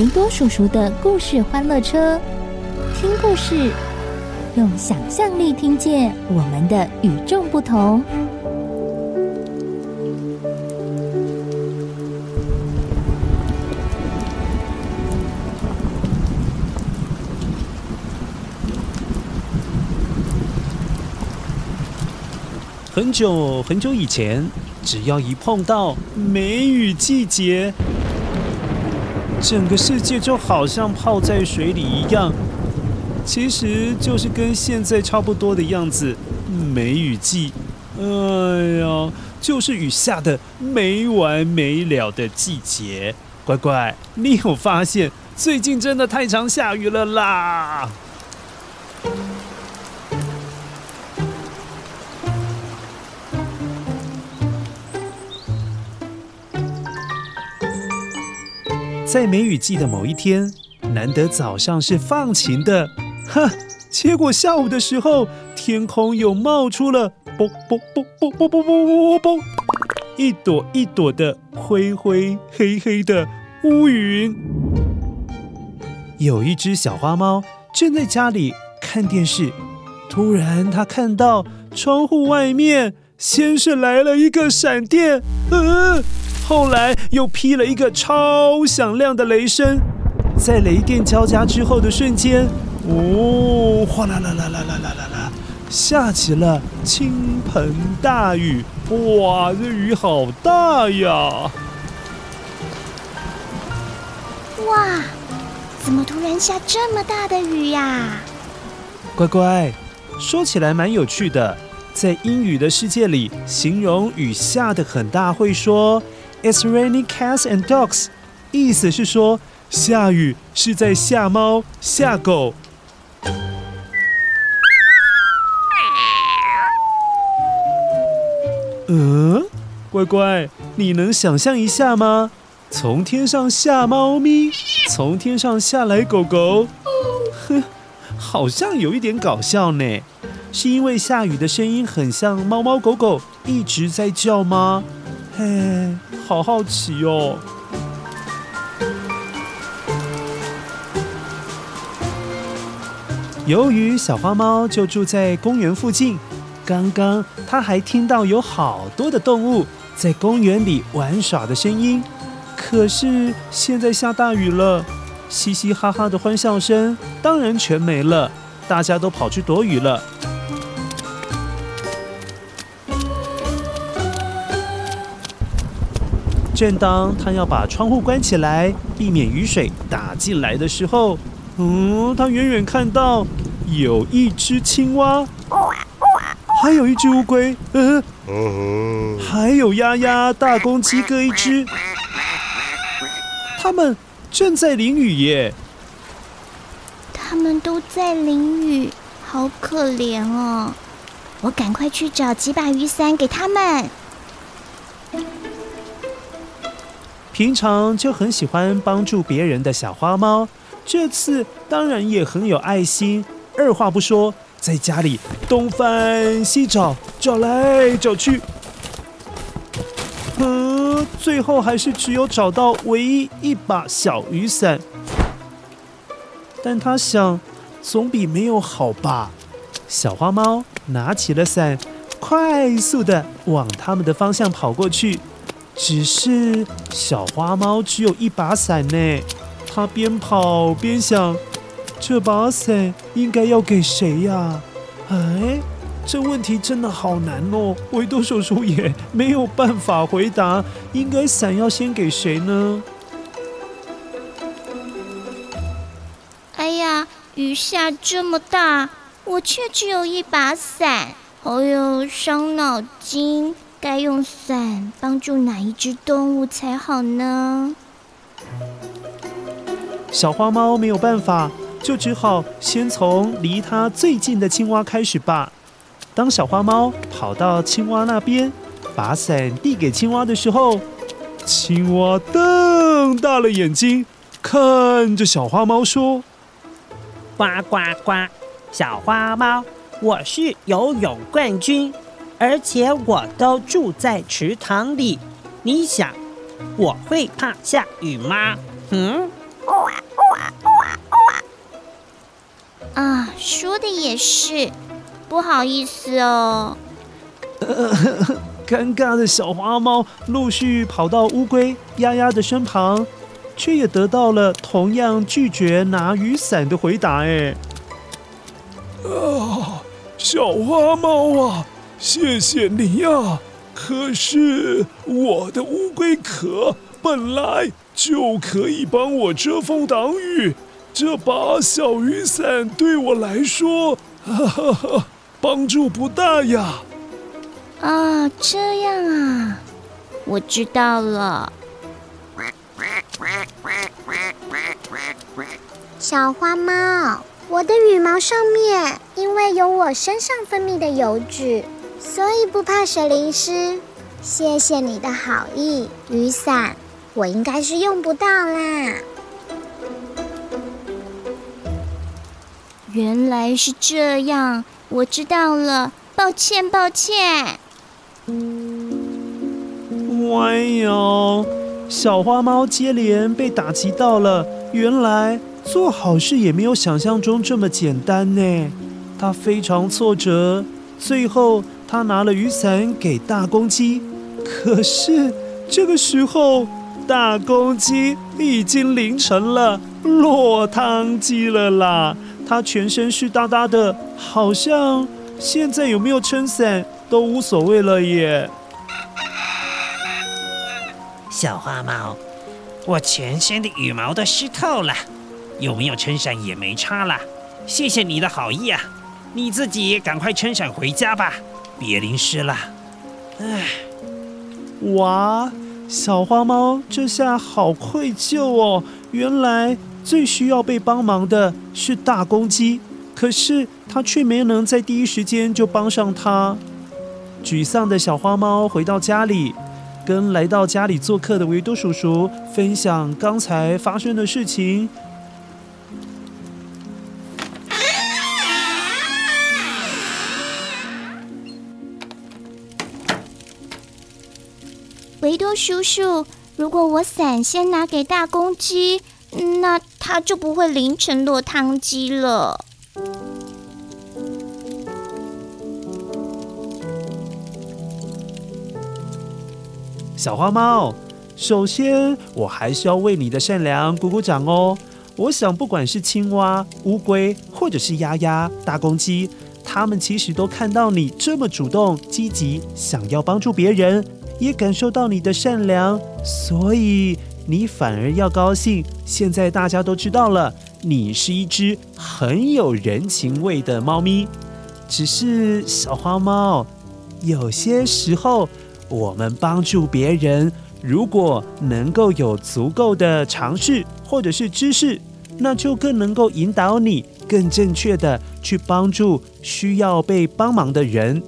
維多叔叔的故事，歡樂車，聽故事，用想象力聽見我們的與眾不同。很久很久以前，只要一碰到梅雨季節。整個世界就好像泡在水裡一樣，其實就是跟現在差不多的樣子。梅雨季，哎呀，就是雨下的沒完沒了的季節。乖乖，你有發現最近真的太常下雨了啦？在梅雨季的某一天，難得早上是放晴的，哈，結果下午的時候，天空又冒出了啵啵啵啵啵啵啵啵啵，一朵一朵的灰灰黑黑的烏雲。有一隻小花貓正在家裡看電視，突然它看到窗戶外面，先是來了一個閃電，嗯、呃。後來又劈了一個超響亮的雷聲，在雷電交加之後的瞬間，哦，嘩啦啦啦啦啦啦啦，下起了傾盆大雨。哇，這雨好大呀！哇，怎麼突然下這麼大的雨呀、啊？乖乖，說起來蠻有趣的，在英語的世界裡，形容雨下得很大會說。It's raining cats and dogs，意思是說下雨是在下貓下狗。嗯，乖乖，你能想象一下嗎？從天上下貓咪，從天上下來狗狗。呵，好像有一點搞笑呢。是因為下雨的聲音很像貓貓狗狗一直在叫嗎？嘿、hey，好好奇哦。由於小花貓就住在公園附近，剛剛它還聽到有好多的動物在公園裡玩耍的聲音。可是現在下大雨了，嘻嘻哈哈的歡笑聲當然全沒了，大家都跑去躲雨了。正當他要把窗戶關起來，避免雨水打進來的時候，嗯，他遠遠看到有一隻青蛙，還有一隻烏龜，嗯，還有鴨鴨、大公雞各一隻，他們正在淋雨耶。他們都在淋雨，好可憐哦！我趕快去找幾把雨傘給他們。平常就很喜歡幫助別人的小花貓，這次當然也很有愛心。二話不說，在家裡東翻西找，找來找去，嗯，最後還是只有找到唯一一把小雨傘。但他想，總比沒有好吧？小花貓拿起了傘，快速的往他們的方向跑過去。只是小花貓只有一把傘呢，它邊跑邊想這把傘應該要給誰呀、啊？哎，這問題真的好難哦！維多叔叔也沒有辦法回答，應該傘要先給誰呢？哎呀，雨下這麼大，我卻只有一把傘，哎、哦、喲，傷腦筋。該用傘幫助哪一隻動物才好呢？小花貓沒有辦法，就只好先從離它最近的青蛙開始吧。當小花貓跑到青蛙那邊，把傘遞給青蛙的時候，青蛙瞪大了眼睛看着小花貓說：“呱呱呱，小花貓，我是游泳冠軍。”而且我都住在池塘裡，你想我會怕下雨嗎？嗯。啊、呃，說的也是，不好意思哦、呃呵呵。尷尬的小花貓陸續跑到烏龜丫丫的身旁，卻也得到了同樣拒絕拿雨傘的回答誒。哎，啊，小花貓啊！謝謝你呀，啊，可是我的烏龜殼本來就可以幫我遮風擋雨，這把小雨傘對我來說，哈哈哈，幫助不大呀。啊，哦，這樣啊，我知道了。小花貓，我的羽毛上面因為有我身上分泌的油脂。所以不怕水淋濕，謝謝你的好意。雨傘我應該是用不到啦。原來是這樣，我知道了。抱歉，抱歉。哎呦，小花貓接連被打擊到了。原來做好事也沒有想象中這麼簡單呢。它非常挫折，最後。他拿了雨傘給大公雞，可是這個時候，大公雞已經淋成了落湯雞了啦。它全身濕噠噠的，好像現在有沒有撐傘都無所謂了耶。小花貓，我全身的羽毛都濕透了，有沒有撐傘也沒差啦。謝謝你的好意啊，你自己趕快撐傘回家吧。別淋濕了！哎，哇，小花貓這下好愧疚哦。原來最需要被幫忙的是大公雞，可是它卻沒能在第一時間就幫上它。沮喪的小花貓回到家裡，跟來到家裡做客的維多叔叔分享剛才發生的事情。叔叔，如果我傘先拿給大公雞，那他就不會淋成落湯雞了。小花貓，首先我還是要為你的善良鼓鼓掌哦。我想，不管是青蛙、烏龜，或者是鴨鴨、大公雞，他們其實都看到你這麼主動、積極，想要幫助別人。也感受到你的善良，所以你反而要高興。現在大家都知道了，你是一隻很有人情味的貓咪。只是小花貓，有些時候我們幫助別人，如果能夠有足夠的常識或者是知識，那就更能夠引導你更正確的去幫助需要被幫忙的人。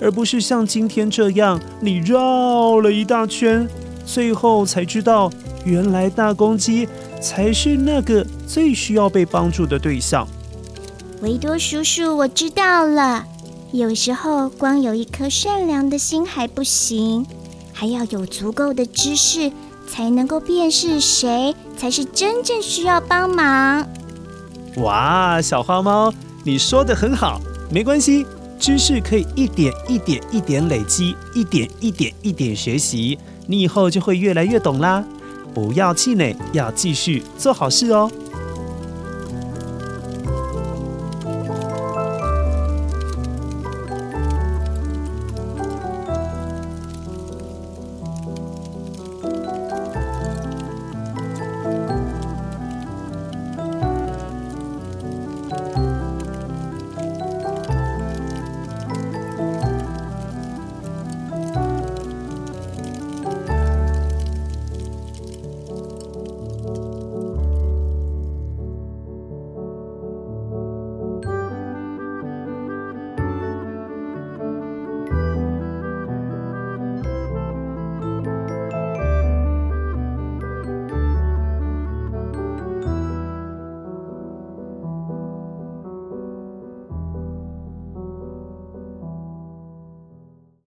而不是像今天這樣，你繞了一大圈，最後才知道，原來大公雞才是那個最需要被幫助的對象。維多叔叔，我知道了，有時候光有一顆善良的心還不行，還要有足夠的知識，才能夠辨識誰才是真正需要幫忙。哇，小花貓，你說得很好，沒關係。知識可以一點一點一點累積，一點一點一點學習，你以後就會越來越懂啦。不要氣餒，要繼續做好事哦。